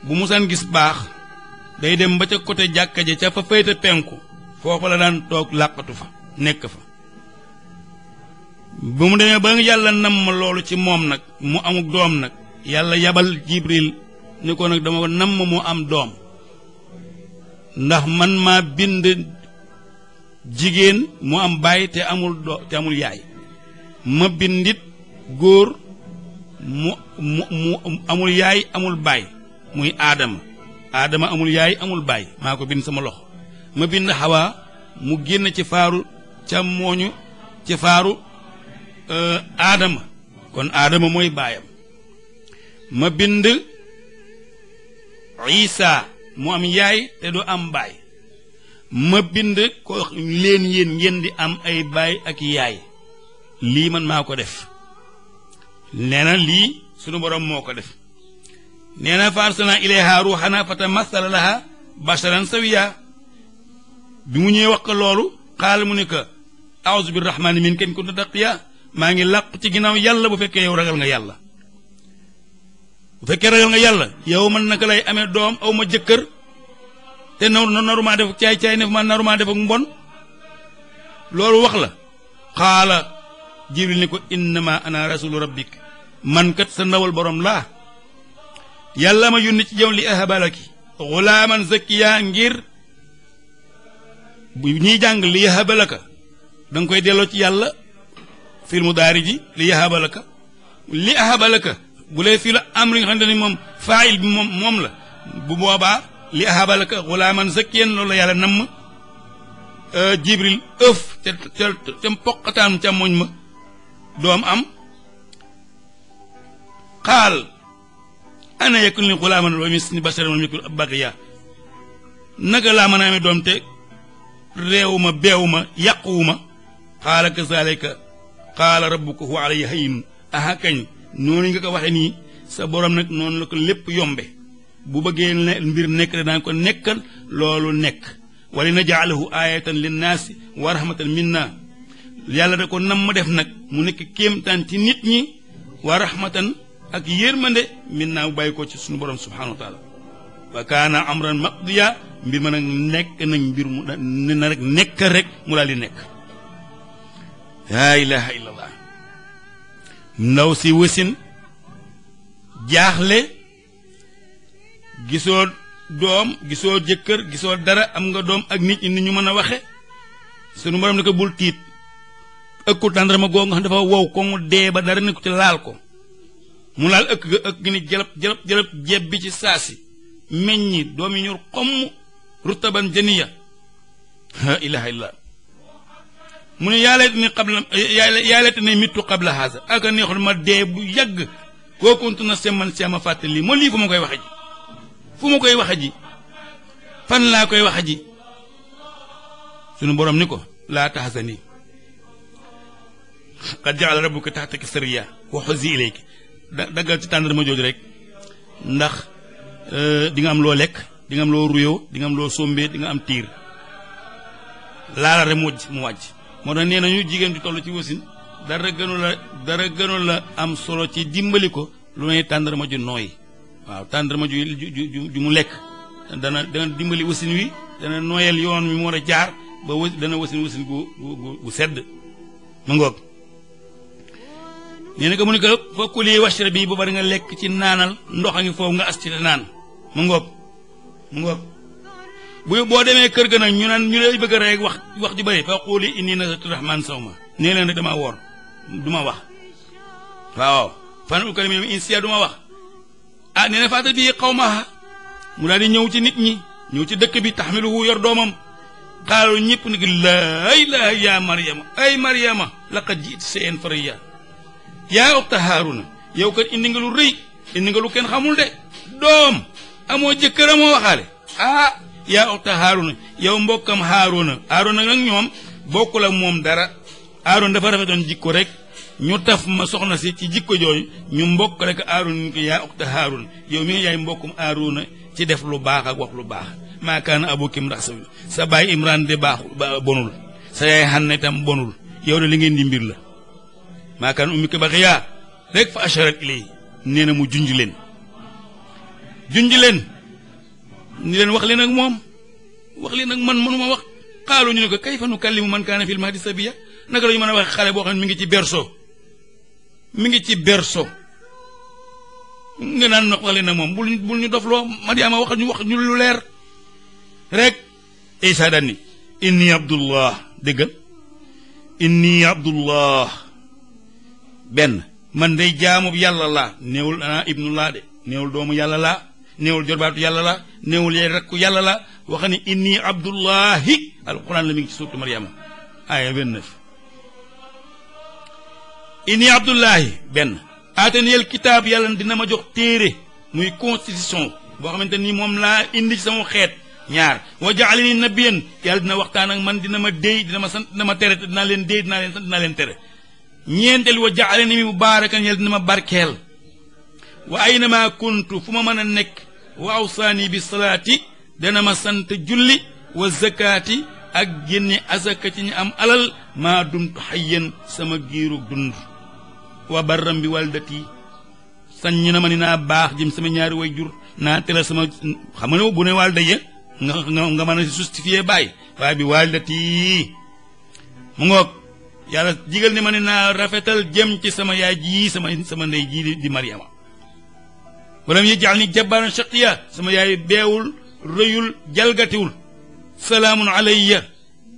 bu musaan gis baax day dem ba ca côté jàkka ja ca fa féete penku foofa la daan toog làqatu fa nekk fa bu mu demee ba yàlla nam loolu ci moom nag mu amuk doom nag yàlla yabal jibril ni kon nag dama nam ma mu am doom ndax man ma bind jigéen mu am baay te amul do te amul yaay ma bindit góor mu mu mu amul yaay amul baay muy aadama aadama amul yaay amul baay maa ko bind sama loxo ma bind xawaa mu génn ci faaru càmmooñu ci faaru aadama euh, kon aadama mooy baayam ma bind isa mu am yaay te du am baay ma bind ko leen yéen ngeen di am ay baay ak yaay lii man maa ko def nee na lii sunu borom moo ko def nee na fa arsalnaa ilayhaa ruuhanaa fatamassala lahaa basharan sawiyyaa bi mu ñëwee wax ko loolu xaal mu ne ko a'uuzu birrahmaani minka in kunta taqiyyaa maa ngi làqu ci ginnaaw yàlla bu fekkee yow ragal nga yàlla bu fekkee ragal yàlla yow man naka lay amee doom aw ma jëkkër te narumaa def caay caay ne ma narumaa def ak mbon loolu wax la xaala jibril ni ko innama ana rasulu rabbik man kat sa ndawal borom laa yàlla ma yónni ci jëm li ahabalaki xulaaman zakkiya ngir bu ñuy jàng li yahabalaka da nga koy delloo ci yàlla fil mu daari ji li yahabalaka li bu lee fii am li nga moom faayil bi moom moom la bu boobaa li ahabalaka xulaaman zakkiyan loolu la yàlla namm euh, jibril ëf te te te poqataanu ma doom am xaal ana yakun li xulaaman wa misni basharan wa lam yakun baqiya naka laa mën a amee doom te réewuma beewuma yàquwuma xaala kazalika qaala rabbuka huwa alayya hayyin aha kañ noonu nga ko waxe nii sa boroom nag noonu la ko lépp yombe bu bëggee ne mbir nekk da daan ko nekkal loolu nekk wali najaalahu aayatan linnaasi wa rahmatan minna yàlla da ko nam ma def nag mu nekk kéemtaan ci nit ñi wa rahmatan ak yërmande minna bu bàyyi ko ci suñu borom subhanahu wa taala wa kaana amran maqdiya mbir ma nag nekk nañ mbir mu na rek nekk mu daal di nekk laa ilaha illallah ndaw si wasin jaaxle gisoo doom gisoo jëkkër gisoo dara am nga doom ak nit ñi ni ñu mën a waxe sunu borom ne ko bul tiit ëkku tàndarma goo xam dafa wow ko mu dee ba dara ne ko ci laal ko mu laal ëkk ga ëkk gi ni jalab jalab jeeb bi ci saasi meññi doom yi ñor xomm ruttaban janiya mu ne yaa layta ni qabla yaa layta ni mittu qabla haasa aka neexul ma dee bu yàgg koo kuntu na semman seema fàttali moo lii fu ma koy waxe ji fu ma koy waxe ji fan laa koy waxe ji sunu borom ni ko laa tahzani qad ja'ala rabbuka tahtaki sariya wa huzi ilayki daggal ci tàndar ma jooju rek ndax euh, di nga am loo lekk di nga am loo ruyoo di nga am loo sombe di nga am tiir laala rek mu wàjj mu wàjj moo tax nee nañu jigéen di tollu ci wasin dara gënu la dara gënu la am solo ci dimbali ko lu may tàndarma ju nooy waaw tàndarma ju ju ju mu lekk dana dana dimbali wasin wi dana nooyal yoon wi mu war a jaar ba dana wasin wasin gu gu gu sedd mu ngoog nee na ko mu ne ko fokku lii washra bi bu bari nga lekk ci naanal ndox a ngi foofu nga as ci naan mu ngoog mu ngoog bu boo demee kër ga nag ñu naan ñu lay bëgg a wax wax ju bëri fa xuuli inni nasatu rahman sawma nee leen dama woor du ma wax waaw fan ukali mi insiya du ma wax ah nee na faata bii xaw mu daal di ñëw ci nit ñi ñëw ci dëkk bi taxmiluhu yor doomam xaalu ñëpp nag laa ilaaha Maryama ay Maryama laqad jiit seen fariya yaa uxta Haaruna yow kat indi nga lu rëy indi ken lu xamul de doom amoo jëkkër amoo waxaale ah. yaa oxta haaruna yow mbokkam haaruna haaruna nag ñoom bokkul ak moom dara haaruna dafa rafetoon jikko rek ñu taf ma soxna si ci jikko jooju ñu mbokk rek haaruna ñu ko yaa oxta haaruna yow mi nga yaay mbokkum haaruna ci def lu baax ak wax lu baax maa kaana abuki imra sa baay imran de baaxul bonul sa yaay xanne tam bonul yow de li ngeen di mbir la maa kaana ummi ko baxiyaa rek fa asharat ilay nee na mu junj leen junj leen ni leen wax leen nag moom wax leen ak man mënuma wax xaalu ñu ne ko kayfa nukallimu man kaana fil mahdi sabiya naka la ñu mën a wax xale boo xam ne mi ngi ci berceau mi ngi ci berceau nga naan wax leen ak moom bul ñu ñu dofloo Mariama wax ñu wax ñu lu leer rek Isa daan ni inni abdullah déggal inni abdullah benn man day jaamub yàlla la néewul ana ibnullah de néewul doomu yàlla laa néewul jorbaatu yàlla la néewul yee rakku yàlla la wax ni inni abdullahi alquran la mi ngi ci suurtu Maryam aaya vingt-neuf inni abdullahi benn aataniyal kitaab yàlla na dina ma jox téere muy constitution boo xamante ni moom laa indi ci sama xeet ñaar wa jaalini nabiyan yàlla dina waxtaan ak man dina ma déy dina ma sant dina ma tere te dinaa leen déy dinaa leen sant dinaa leen tere ñeenteel wa jaalini mubaarakan yàlla dina ma barkeel wa aynama kuntu fu ma mën a nekk wa awsaani bi salaati dana ma sant julli wa zakaati ak génne asaka ci ñu am alal maa dumtu xayyan sama giiru dund wa barram bi waldati sañ na ma ni naa baax jëm sama ñaari way jur naa tela sama xam nga ne nga nga mën a justifié bàyyi waaye bi waldati mu ngoog yàlla jigal ne ma ne naa rafetal jëm ci sama yaay ji sama sama ndey ji di Mariama walam yaj'alni jabbaaran shaqiyya sama yaay beewul rëyul jalgatiwul salaamun alayya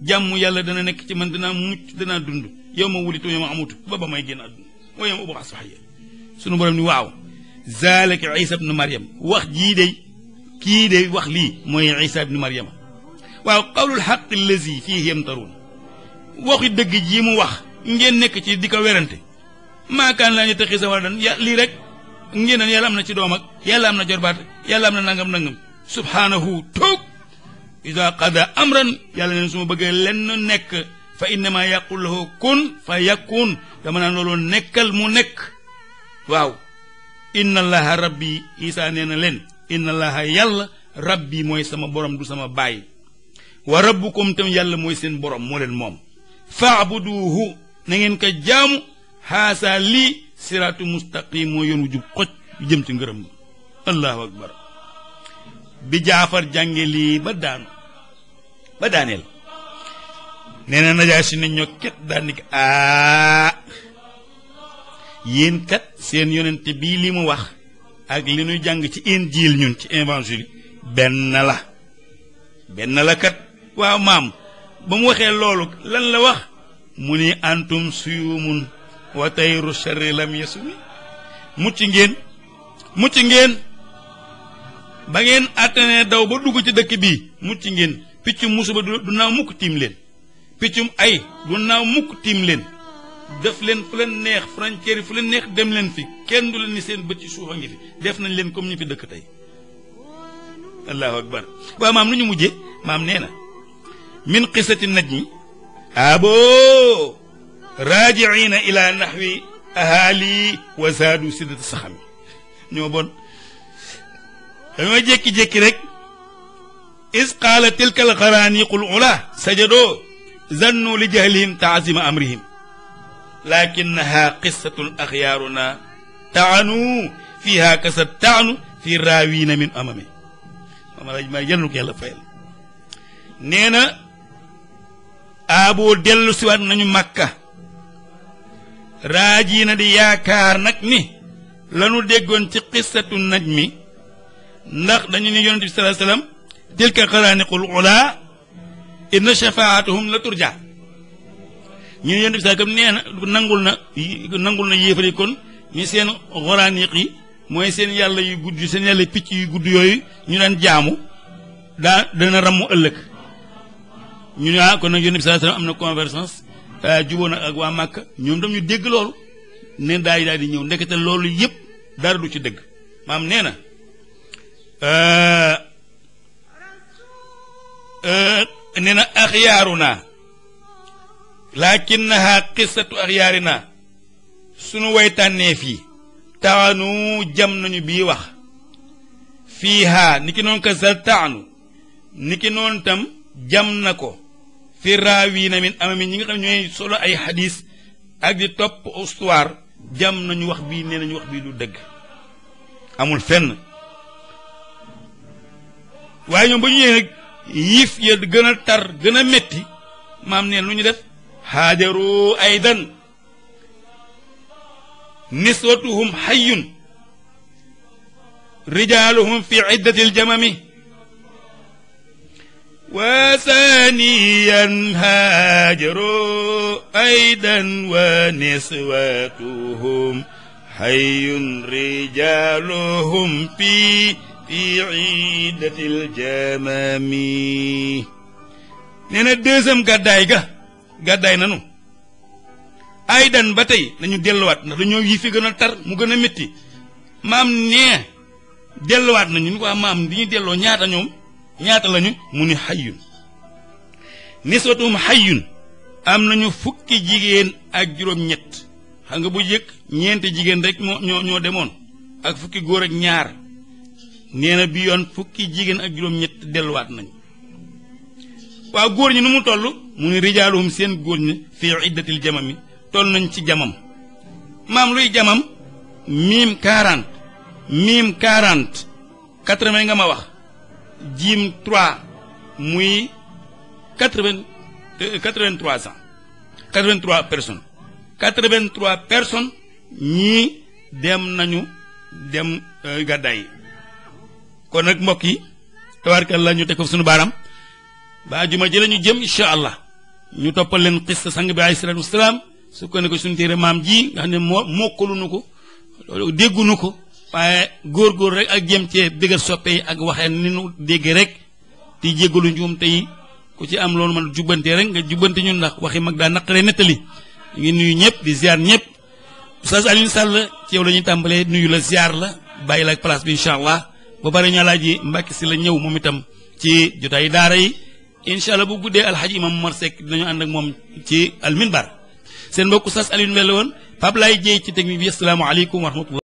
jàmm yàlla dana nekk ci man danaa mucc dana dund yow ma wulitu yow ma amutu ba may génn àdduna mooy yow ma ubbax saxya sunu borom ni waaw zalika isa ibnu mariam wax jii day kii day wax lii mooy isa ibnu mariama waaw qawlul dëgg ji mu wax ngeen nekk ci di ko werante maakaan laa ñu taxi sa war dan ya lii rek ngeen naan yàlla am na ci doom ak yàlla am na jorbaat yàlla am na nangam nangam subhaanahu toog ida qada amran yàlla neen su ma bëggee lenn nekk fa innama yaqul lahu kun fa yakun dama naan loolu nekkal mu nekk waaw inna allaha rabbi isa nee na leen inna allaha yàlla rabbi mooy sama borom du sama baay wa rabbukum tam yàlla mooy seen borom moo leen moom faabuduhu na ngeen ko jaamu xaasa lii siraatu mustaqim moo yoon wu xoj yu jëm ci ngërëm allahu akbar bi jaafar jànge lii ba daanu ba daaneel nee na najaasi ne ñoo ket aa yéen seen yonente bii li mu wax ak li ñuy jàng ci injiil ñun ci évangile benn la benn la waaw maam ba mu waxee loolu lan la wax mu ni antum suyumun wa tayru sharri lam yaswi mucc ngeen mucc ngeen ba ngeen àttanee daw ba dugg ci dëkk bii mucc ngeen piccum musuba du naaw mukk tiim leen piccum ay du naaw mukk tiim leen def leen fu leen neex frontière yi fu leen neex dem leen fi kenn du leen ni seen bët ci suuf a ngi fi def nañ leen comme ñu fi dëkk tey allahu akbar waaw maam lu ñu maam nee na min qisati najmi abo raajiina ila naxwi ahaali wa zaadu siddata saxami ñoo bon dañoo jékki-jékki rek is qaala tilka alxaraaniqul ula sajadoo zannu li jahlihim taazima amrihim lakinnaha qissatun axyaaruna taanu fiha kasat taanu fi raawina min amami mamalaj maa yal na ko yàlla fayal nee na aaboo dellu siwaat nañu màkka raaji na di yaakaar nag ni lanu déggoon ci qissatu naj mi ndax dañu ne yonent bi salaa sallam tilka xaraaniqul ula inna shafaatuhum la turja ñu ne yonent bi salaa nee na nangul na nangul na yéefari kon ñu seen xaraaniq yi mooy seen yàlla yu gudd seen yàlla picc yu guddi yooyu ñu daan jaamu daa dana ramu ëllëg ñu ni ah kon nag yonent bi am na convergence Euh, jubóo ak waa Màkka ñoom tam ñu dégg loolu ne daal di daal di ñëw loolu yépp dara du ci dégg maam nee na euh, euh, nee na axyaaru naa laakinnahaa qissatu axyaari naa sunu waytànnee fii taanu jam nañu bii wax fii haa ni ki noonu ka tam jam na ko fi raawiina min amami ñi ngi xam ñooy solo ay xadis ak di topp histoire jam nañu wax bii nee nañu wax bii du dëgg amul fenn waaye ñoom ba ñu ñëwee nag yiif gën a tar gën a metti maam neen lu ñu def haajaroo aydan niswatuhum xayyun rijaaluhum fi iddati aljamami وثانيا هاجر أيضا ونسوتهم حي رجالهم في في عيدة الجمام nee na deuxième gàddaay ga gàddaay nanu aydan ba tey dañu delluwaat na dañoo yii fi gën a tar mu gën a métti maam nee delluwaat nañu ni ko am di ñu delloo ñaata ñoom ñaata lañu mu ni xayyun niswatum xayyun am nañu fukki jigéen ak juróom-ñett xam nga bu jëkk ñeenti jigéen rek moo ñoo ñoo demoon ak fukki góor ak ñaar nee na bi fukki jigéen ak juróom-ñett delluwaat nañ waa góor ñi nu mu toll mu ni rijaaluhum seen góor ñi fii iddatil jamam yi toll nañ ci jamam maam luy jamam miim 40 miim 40 80 nga ma wax jiim 3 muy quatre vingt euh, quatre vingt trois cent quatre vingt ñii dem nañu dem euh, gàddaay yi kon nag mbokk yi tabarkal la ñu teg ko suñu baaram ba juma ji la ñu jëm incha allah ñu toppal leen xista sang bi alayhi salaatu wasalaam su ko ne suñu téere maam ji nga xam ne moo mokkalu ko déggunu ko waaye góor-góor rek ak jëm cee bëggal soppe yi ak waxee ni nu dégg rek di jéggalu njuum tey ku ci am loolu man jubbante rek nga jubbante ñun ndax waxi mag daa naqaree nettali ngi nuyu ñëpp di ziar ñëpp Oustaz Alioune Sall ci yow la ñuy tàmbalee nuyu la ziar la bàyyi la ak place bi incha allah ba pare ñu alaaji Mbàkke si la ñëw moom itam ci jotaayu daara yi incha allah bu guddee alxaji imam Mor Seck dinañu ànd ak moom ci alminbar seen mbokk Oustaz Alioune Mbelle woon Pape Laye Dieye ci technique bi asalaamaaleykum wa